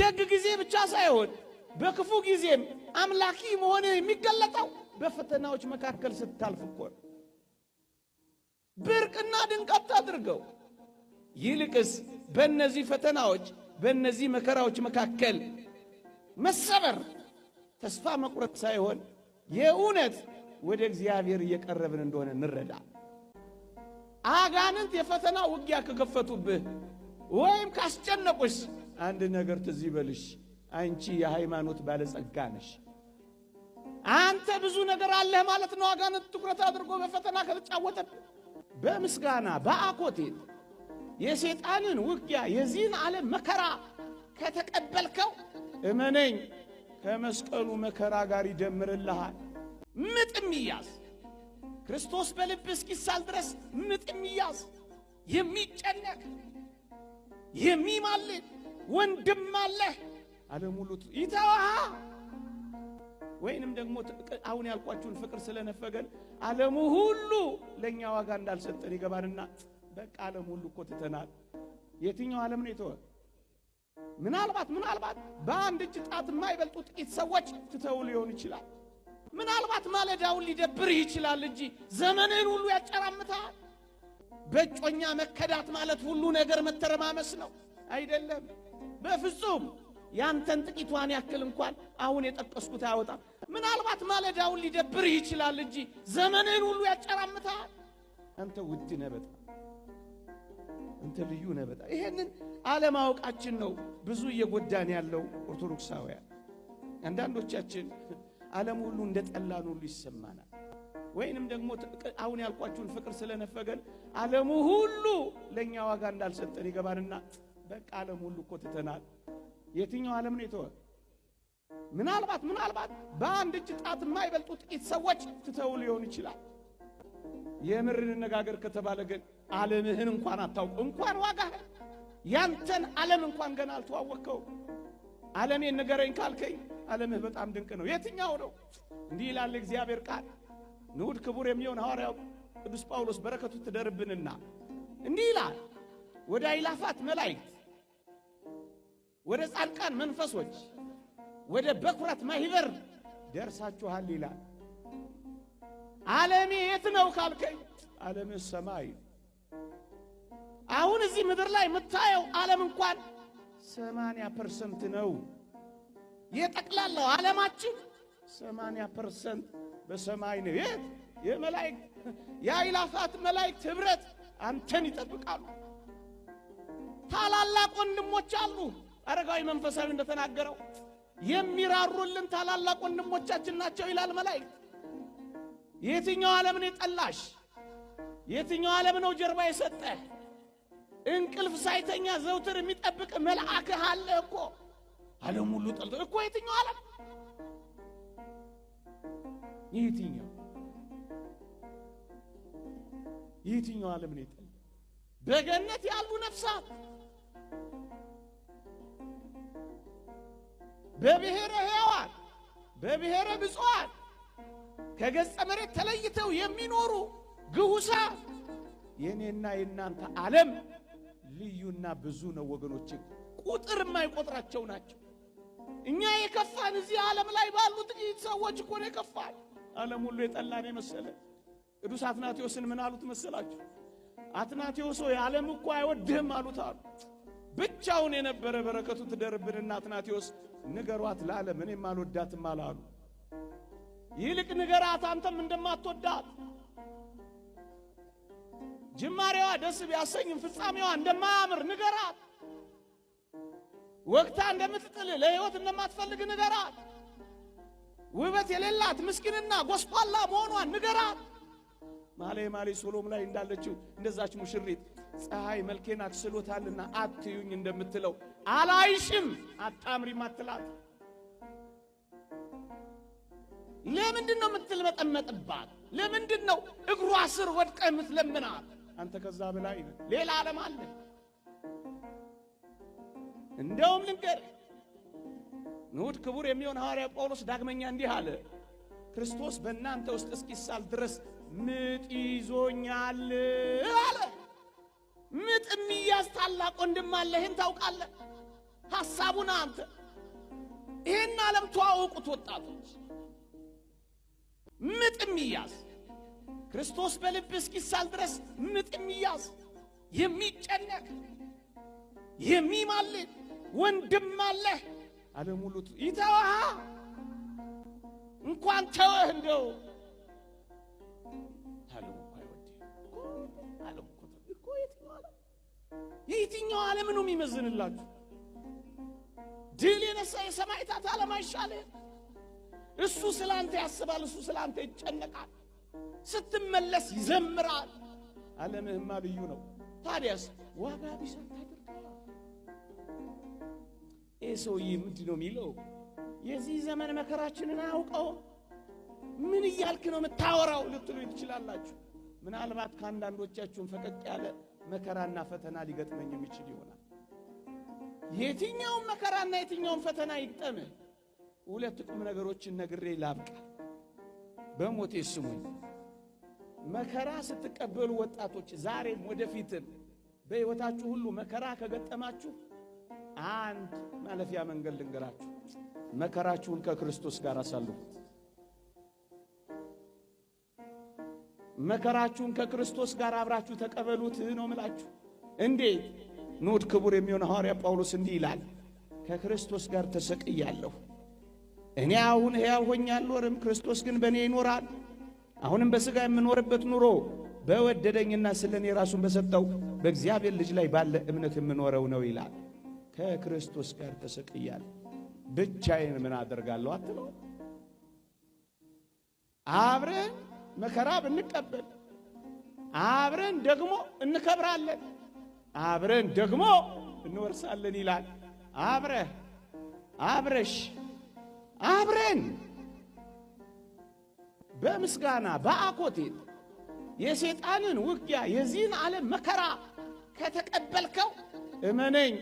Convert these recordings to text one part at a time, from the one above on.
ደግ ጊዜ ብቻ ሳይሆን በክፉ ጊዜም አምላኪ መሆን የሚገለጠው በፈተናዎች መካከል ስታልፍ እኮ ነው። ብርቅና ድንቀት አድርገው ይልቅስ በእነዚህ ፈተናዎች በእነዚህ መከራዎች መካከል መሰበር፣ ተስፋ መቁረጥ ሳይሆን የእውነት ወደ እግዚአብሔር እየቀረብን እንደሆነ እንረዳ። አጋንንት የፈተና ውጊያ ከከፈቱብህ ወይም ካስጨነቁሽ አንድ ነገር ትዝ ይበልሽ፣ አንቺ የሃይማኖት ባለጸጋ ነሽ። አንተ ብዙ ነገር አለህ ማለት ነው። አጋንንት ትኩረት አድርጎ በፈተና ከተጫወተ በምስጋና በአኮቴ የሰይጣንን ውጊያ የዚህን ዓለም መከራ ከተቀበልከው እመነኝ ከመስቀሉ መከራ ጋር ይደምርልሃል። ምጥም ይያዝ ክርስቶስ በልብ እስኪሳል ድረስ ምጥም ይያዝ የሚጨነቅ የሚማልድ ወንድም አለህ አለሙሉ ይተዋሃ ወይንም ደግሞ አሁን ያልኳችሁን ፍቅር ስለነፈገን ዓለሙ ሁሉ ለእኛ ዋጋ እንዳልሰጠን ይገባንና በቃ ዓለም ሁሉ እኮ ትተናል። የትኛው ዓለም ነው የተወ? ምናልባት ምናልባት በአንድ እጅ ጣት የማይበልጡ ጥቂት ሰዎች ትተው ሊሆን ይችላል። ምናልባት ማለዳውን ሊደብርህ ይችላል እንጂ ዘመንህን ሁሉ ያጨራምታል። በእጮኛ መከዳት ማለት ሁሉ ነገር መተረማመስ ነው አይደለም። በፍጹም ያንተን ጥቂቷን ያክል እንኳን አሁን የጠቀስኩት አያወጣም። ምናልባት ማለዳውን ሊደብርህ ይችላል እንጂ ዘመንህን ሁሉ ያጨራምታል። አንተ ውድ ነህ በጣም አንተ ልዩ ነህ በጣም። ይሄንን አለማወቃችን ነው ብዙ እየጎዳን ያለው ኦርቶዶክሳውያን። አንዳንዶቻችን ዓለም ሁሉ እንደ ጠላን ሁሉ ይሰማናል። ወይንም ደግሞ አሁን ያልኳችሁን ፍቅር ስለነፈገን ዓለሙ ሁሉ ለእኛ ዋጋ እንዳልሰጠን ይገባንና በቃ ዓለም ሁሉ እኮ ትተናል። የትኛው ዓለም ነው የተወ? ምናልባት ምናልባት በአንድ እጅ ጣት የማይበልጡ ጥቂት ሰዎች ትተው ሊሆን ይችላል። የምር እንነጋገር ከተባለ ግን ዓለምህን እንኳን አታውቅ፣ እንኳን ዋጋህን ያንተን ዓለም እንኳን ገና አልተዋወቅከው። ዓለሜን ንገረኝ ካልከኝ ዓለምህ በጣም ድንቅ ነው። የትኛው ነው? እንዲህ ይላል እግዚአብሔር ቃል ንዑድ ክቡር የሚሆን ሐዋርያው ቅዱስ ጳውሎስ በረከቱ ትደርብንና እንዲህ ይላል ወደ አይላፋት መላእክት ወደ ጻድቃን መንፈሶች ወደ በኩራት ማህበር ደርሳችኋል ይላል። ዓለም የት ነው ካልከኝ፣ ዓለም ሰማይ። አሁን እዚህ ምድር ላይ የምታየው ዓለም እንኳን ሰማንያ ፐርሰንት ነው። የጠቅላላው ዓለማችን ሰማንያ ፐርሰንት በሰማይ ነው። የት የመላእክት የአእላፋት መላእክት ኅብረት አንተን ይጠብቃሉ። ታላላቅ ወንድሞች አሉ። አረጋዊ መንፈሳዊ እንደተናገረው የሚራሩልን ታላላቅ ወንድሞቻችን ናቸው ይላል መላእክት። የትኛው ዓለም ነው የጠላሽ? የትኛው ዓለም ነው ጀርባ የሰጠ? እንቅልፍ ሳይተኛ ዘውትር የሚጠብቅ መልአክህ አለ እኮ። ዓለም ሁሉ ጠልቶ እኮ የትኛው ዓለም የትኛው የትኛው ዓለም ነው የጠላ? በገነት ያሉ ነፍሳት በብሔረ ሕያዋን በብሔረ ብፁዓን ከገጸ መሬት ተለይተው የሚኖሩ ግሁሳ የእኔና የእናንተ ዓለም ልዩና ብዙ ነው ወገኖች፣ ቁጥር የማይቆጥራቸው ናቸው። እኛ የከፋን እዚህ ዓለም ላይ ባሉ ጥቂት ሰዎች እኮ ነው የከፋን። ዓለም ሁሉ የጠላን የመሰለ ቅዱስ አትናቴዎስን ምን አሉት መሰላችሁ? አትናቴዎስ ሆይ ዓለም እኮ አይወድህም አሉት አሉ ብቻውን የነበረ በረከቱ ትደርብንና አትናቴዎስ ንገሯት ላለ ምን አልወዳትም አላሉ። ይልቅ ንገራት አንተም እንደማትወዳት ጅማሬዋ ደስ ቢያሰኝም ፍጻሜዋ እንደማያምር ንገራት። ወግታ እንደምትጥል ለሕይወት እንደማትፈልግ ንገራት። ውበት የሌላት ምስኪንና ጎስቋላ መሆኗን ንገራት። ማሌ ማሌ ሶሎም ላይ እንዳለችው እንደዛች ሙሽሪት ፀሐይ መልኬን አክስሎታልና አትዩኝ እንደምትለው አላይሽም አታምሪም አትላት። ለምንድን ነው የምትለመጠመጥባት? ለምንድን ነው እግሯ ስር ወድቀ የምትለምናት? አንተ ከዛ በላይ ሌላ ዓለም አለ። እንደውም ልንገር ንዑድ ክቡር የሚሆን ሐዋርያ ጳውሎስ ዳግመኛ እንዲህ አለ፣ ክርስቶስ በእናንተ ውስጥ እስኪሳል ድረስ ምጥ ይዞኛል አለ። ምጥ የሚያዝ ታላቅ ወንድም አለ። ይህን ታውቃለህ? ሐሳቡን አንተ ይህን ዓለም ተዋውቁት ወጣቶች። ምጥ የሚያዝ ክርስቶስ በልብ እስኪሳል ድረስ ምጥ የሚያዝ የሚጨነቅ የሚማልድ ወንድም አለህ። ዓለም ሁሉ ይተዋሃ እንኳን ተወህ እንደው የየትኛው ዓለም ነው የሚመዝንላችሁ? ድል የነሳ የሰማዕታት ዓለም አይሻለ? እሱ ስለ አንተ ያስባል፣ እሱ ስለ አንተ ይጨነቃል፣ ስትመለስ ይዘምራል። ዓለምህማ ልዩ ነው። ታዲያስ ዋጋ ቢስ ታደርጋል። ይህ ሰውዬ ምንድን ነው የሚለው? የዚህ ዘመን መከራችንን አያውቀውም። ምን እያልክ ነው የምታወራው ልትሉ ትችላላችሁ። ምናልባት ከአንዳንዶቻችሁን ፈቀቅ ያለ መከራና ፈተና ሊገጥመኝ የሚችል ይሆናል። የትኛውም መከራና የትኛውም ፈተና ይግጠም፣ ሁለት ቁም ነገሮችን ነግሬ ላብቃ። በሞቴ ስሙኝ። መከራ ስትቀበሉ ወጣቶች፣ ዛሬም ወደፊትም በሕይወታችሁ ሁሉ መከራ ከገጠማችሁ አንድ ማለፊያ መንገድ ልንገራችሁ። መከራችሁን ከክርስቶስ ጋር አሳልፉት። መከራችሁን ከክርስቶስ ጋር አብራችሁ ተቀበሉት ነው ምላችሁ። እንዴት ኑድ ክቡር የሚሆነ ሐዋርያ ጳውሎስ እንዲህ ይላል፣ ከክርስቶስ ጋር ተሰቅያለሁ። እኔ አሁን ሕያው ሆኜ አልኖርም፣ ክርስቶስ ግን በእኔ ይኖራል። አሁንም በሥጋ የምኖርበት ኑሮ በወደደኝና ስለ እኔ ራሱን በሰጠው በእግዚአብሔር ልጅ ላይ ባለ እምነት የምኖረው ነው ይላል። ከክርስቶስ ጋር ተሰቅያለሁ። ብቻዬን ምን አደርጋለሁ አትለው አብረን መከራ ብንቀበል አብረን ደግሞ እንከብራለን፣ አብረን ደግሞ እንወርሳለን ይላል። አብረ አብረሽ አብረን በምስጋና በአኮቴት የሰይጣንን ውጊያ የዚህን ዓለም መከራ ከተቀበልከው እመነኝ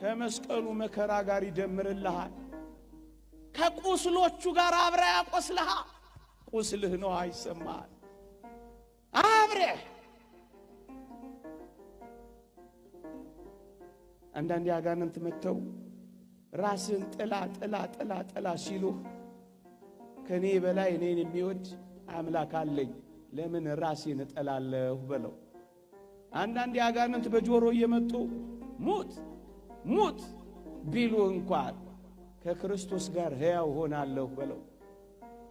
ከመስቀሉ መከራ ጋር ይደምርልሃል። ከቁስሎቹ ጋር አብረ ያቆስልሃል። ቁስልህ ነው አይሰማል አብረህ አንዳንድ አጋንንት መጥተው ራስን ጥላ ጥላ ጥላ ጥላ ሲሉ ከእኔ በላይ እኔን የሚወድ አምላክ አለኝ ለምን ራሴን እጠላለሁ በለው። አንዳንድ አጋንንት በጆሮ እየመጡ ሙት ሙት ቢሉ እንኳን ከክርስቶስ ጋር ሕያው ሆናለሁ በለው።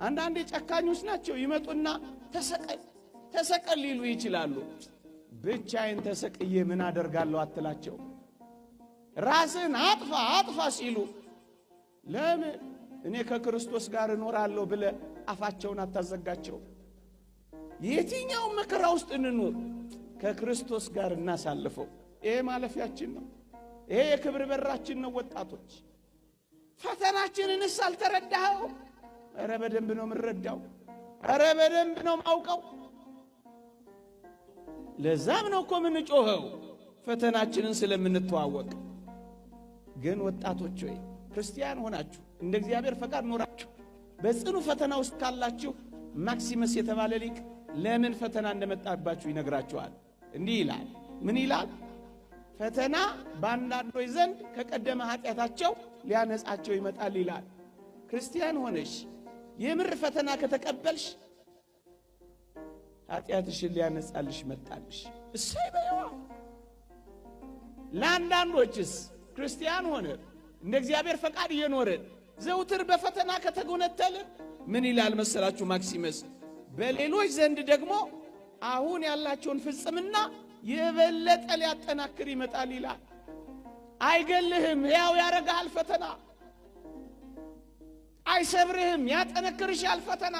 አንዳንዴ ጨካኞች ናቸው። ይመጡና ተሰቀል ተሰቀል ሊሉ ይችላሉ። ብቻዬን ተሰቅዬ ምን አደርጋለሁ አትላቸው። ራስን አጥፋ አጥፋ ሲሉ ለምን እኔ ከክርስቶስ ጋር እኖራለሁ ብለ አፋቸውን አታዘጋቸው። የትኛው መከራ ውስጥ እንኑር ከክርስቶስ ጋር እናሳልፈው። ይሄ ማለፊያችን ነው። ይሄ የክብር በራችን ነው። ወጣቶች ፈተናችንንስ አልተረዳኸው? እረ በደንብ ነው የምረዳው፣ እረ በደንብ ነው ማውቀው። ለዛም ነው እኮ የምንጮኸው ፈተናችንን ስለምንተዋወቅ። ግን ወጣቶች ሆይ ክርስቲያን ሆናችሁ እንደ እግዚአብሔር ፈቃድ ኖራችሁ በጽኑ ፈተና ውስጥ ካላችሁ ማክሲመስ የተባለ ሊቅ ለምን ፈተና እንደመጣባችሁ ይነግራችኋል። እንዲህ ይላል። ምን ይላል? ፈተና በአንዳንዶች ዘንድ ከቀደመ ኃጢአታቸው ሊያነጻቸው ይመጣል ይላል። ክርስቲያን ሆነሽ የምር ፈተና ከተቀበልሽ ኃጢአትሽን ሊያነጻልሽ መጣልሽ። እሰይ በይዋ። ለአንዳንዶችስ ክርስቲያን ሆነ እንደ እግዚአብሔር ፈቃድ እየኖረ ዘውትር በፈተና ከተጎነተልን ምን ይላል መሰላችሁ ማክሲመስ? በሌሎች ዘንድ ደግሞ አሁን ያላቸውን ፍጽምና የበለጠ ሊያጠናክር ይመጣል ይላል። አይገልህም፣ ሕያው ያረግሃል ፈተና አይሰብርህም፣ ያጠነክርሻል። ፈተና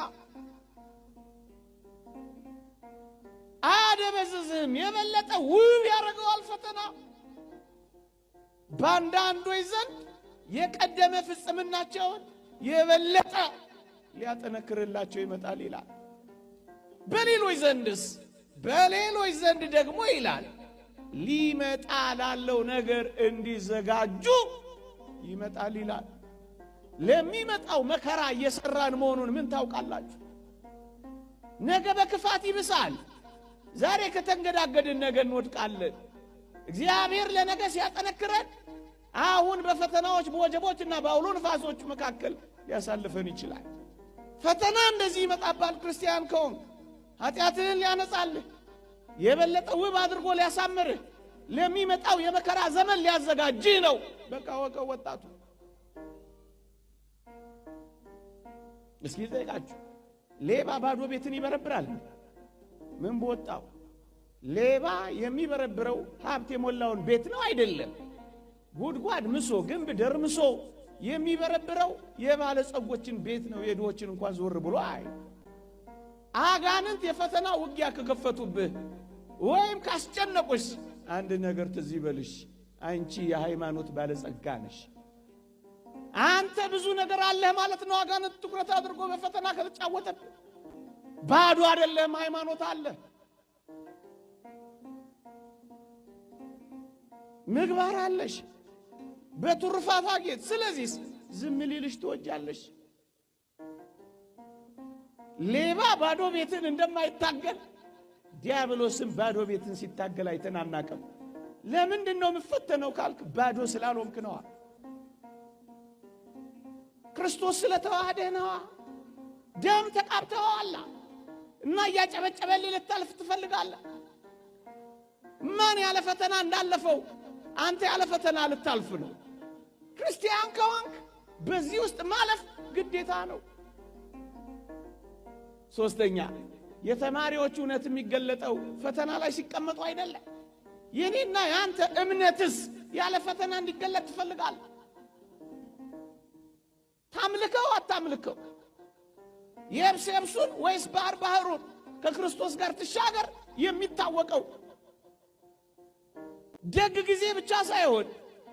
አያደበዝዝህም፣ የበለጠ ውብ ያደርገዋል። ፈተና በአንዳንዶች ዘንድ የቀደመ ፍጽምናቸውን የበለጠ ሊያጠነክርላቸው ይመጣል ይላል። በሌሎች ዘንድስ በሌሎች ዘንድ ደግሞ ይላል ሊመጣ ላለው ነገር እንዲዘጋጁ ይመጣል ይላል። ለሚመጣው መከራ እየሰራን መሆኑን ምን ታውቃላችሁ? ነገ በክፋት ይብሳል። ዛሬ ከተንገዳገድን ነገ እንወድቃለን። እግዚአብሔር ለነገ ሲያጠነክረን አሁን በፈተናዎች በወጀቦችና በአውሎ ንፋሶች መካከል ሊያሳልፈን ይችላል። ፈተና እንደዚህ ይመጣባል። ክርስቲያን ከሆን ኃጢአትህን ሊያነጻልህ የበለጠ ውብ አድርጎ ሊያሳምርህ ለሚመጣው የመከራ ዘመን ሊያዘጋጅህ ነው። በቃ ወቀው ወጣቱ እስኪ ልጠይቃችሁ፣ ሌባ ባዶ ቤትን ይበረብራል? ምን በወጣው ሌባ የሚበረብረው ሀብት የሞላውን ቤት ነው አይደለም። ጉድጓድ ምሶ ግንብ ደርምሶ የሚበረብረው የባለጸጎችን ቤት ነው። የድሆችን እንኳን ዞር ብሎ አይ። አጋንንት የፈተና ውጊያ ከከፈቱብህ ወይም ካስጨነቁሽ አንድ ነገር ትዝ ይበልሽ፣ አንቺ የሃይማኖት ባለጸጋ ነሽ። አንተ ብዙ ነገር አለህ ማለት ነው። አጋንንት ትኩረት አድርጎ በፈተና ከተጫወተብህ ባዶ አይደለም፣ ሃይማኖት አለ፣ ምግባር አለሽ፣ በትሩፋት አጌጥ። ስለዚህ ዝም ሊልሽ ትወጃለሽ። ሌባ ባዶ ቤትን እንደማይታገል ዲያብሎስም ባዶ ቤትን ሲታገል አይተን አናቅም። ለምንድን ነው የምፈተነው ካልክ ባዶ ስላልሆንክ ነዋ። ክርስቶስ ስለተዋህደህ ነዋ። ደም ተቃብተኸዋላ እና እያጨበጨበልህ ልታልፍ ትፈልጋለህ። ማን ያለ ፈተና እንዳለፈው አንተ ያለ ፈተና ልታልፍ ነው። ክርስቲያን ከሆንክ በዚህ ውስጥ ማለፍ ግዴታ ነው። ሶስተኛ የተማሪዎች እውነት የሚገለጠው ፈተና ላይ ሲቀመጡ አይደለም። የኔና የአንተ እምነትስ ያለ ፈተና እንዲገለጥ ትፈልጋለህ። ታምልከው አታምልከው፣ የብስ የብሱን ወይስ ባህር ባህሩን ከክርስቶስ ጋር ትሻገር። የሚታወቀው ደግ ጊዜ ብቻ ሳይሆን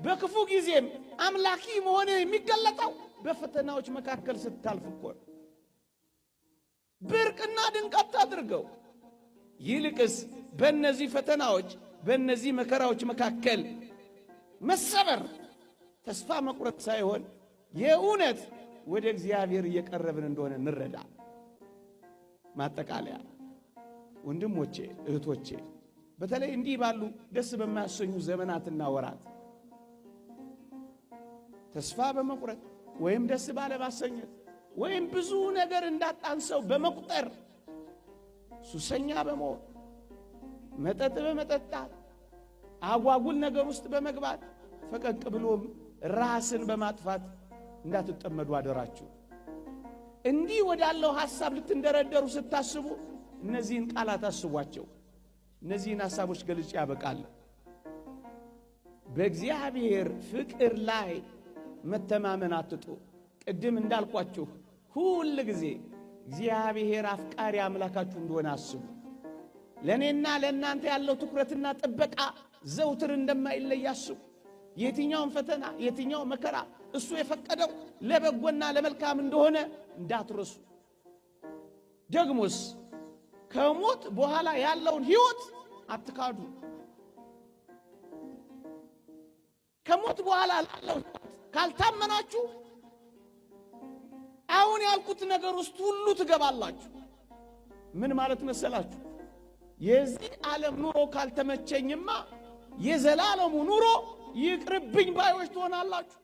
በክፉ ጊዜም አምላኪ መሆን የሚገለጠው በፈተናዎች መካከል ስታልፍ እኮ ነው። ብርቅና ድንቀት አድርገው ይልቅስ በእነዚህ ፈተናዎች በእነዚህ መከራዎች መካከል መሰበር ተስፋ መቁረጥ ሳይሆን የእውነት ወደ እግዚአብሔር እየቀረብን እንደሆነ እንረዳ። ማጠቃለያ ወንድሞቼ፣ እህቶቼ በተለይ እንዲህ ባሉ ደስ በማያሰኙ ዘመናትና ወራት ተስፋ በመቁረጥ ወይም ደስ ባለማሰኘት ወይም ብዙ ነገር እንዳጣን ሰው በመቁጠር ሱሰኛ በመሆን መጠጥ በመጠጣት አጓጉል ነገር ውስጥ በመግባት ፈቀቅ ብሎም ራስን በማጥፋት እንዳትጠመዱ አደራችሁ። እንዲህ ወዳለው ሐሳብ ልትንደረደሩ ስታስቡ እነዚህን ቃላት አስቧቸው። እነዚህን ሐሳቦች ገልጬ ያበቃል። በእግዚአብሔር ፍቅር ላይ መተማመን አትጡ። ቅድም እንዳልኳችሁ ሁል ጊዜ እግዚአብሔር አፍቃሪ አምላካችሁ እንደሆነ አስቡ። ለእኔና ለእናንተ ያለው ትኩረትና ጥበቃ ዘውትር እንደማይለይ አስቡ። የትኛውም ፈተና፣ የትኛው መከራ እሱ የፈቀደው ለበጎና ለመልካም እንደሆነ እንዳትረሱ። ደግሞስ ከሞት በኋላ ያለውን ሕይወት አትካዱ። ከሞት በኋላ ላለው ሕይወት ካልታመናችሁ አሁን ያልኩት ነገር ውስጥ ሁሉ ትገባላችሁ። ምን ማለት መሰላችሁ? የዚህ ዓለም ኑሮ ካልተመቸኝማ የዘላለሙ ኑሮ ይቅርብኝ ባዮች ትሆናላችሁ።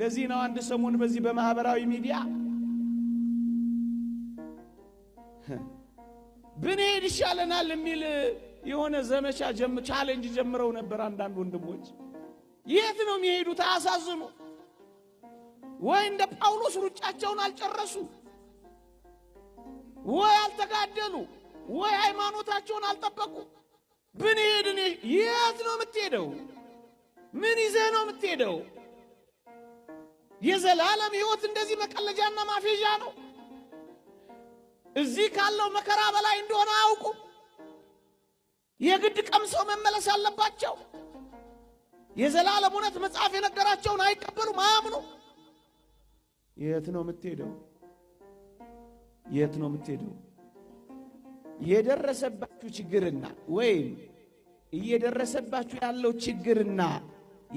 ለዚህ ነው አንድ ሰሞን በዚህ በማህበራዊ ሚዲያ ብንሄድ ይሻለናል የሚል የሆነ ዘመቻ ቻሌንጅ ጀምረው ነበር። አንዳንድ ወንድሞች የት ነው የሚሄዱት? አያሳዝኑ ወይ እንደ ጳውሎስ ሩጫቸውን አልጨረሱ ወይ አልተጋደሉ ወይ ሃይማኖታቸውን አልጠበቁ። ብንሄድ የት ነው የምትሄደው? ምን ይዘህ ነው የምትሄደው? የዘላለም ሕይወት እንደዚህ መቀለጃና ማፌዣ ነው። እዚህ ካለው መከራ በላይ እንደሆነ አውቁ። የግድ ቀምሰው መመለስ አለባቸው። የዘላለም እውነት መጽሐፍ የነገራቸውን አይቀበሉም፣ አያምኑ። የት ነው የምትሄደው? የት ነው የምትሄደው? የደረሰባችሁ ችግርና ወይም እየደረሰባችሁ ያለው ችግርና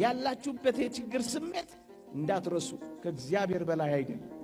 ያላችሁበት የችግር ስሜት እንዳትረሱ። ከእግዚአብሔር በላይ አይደለም።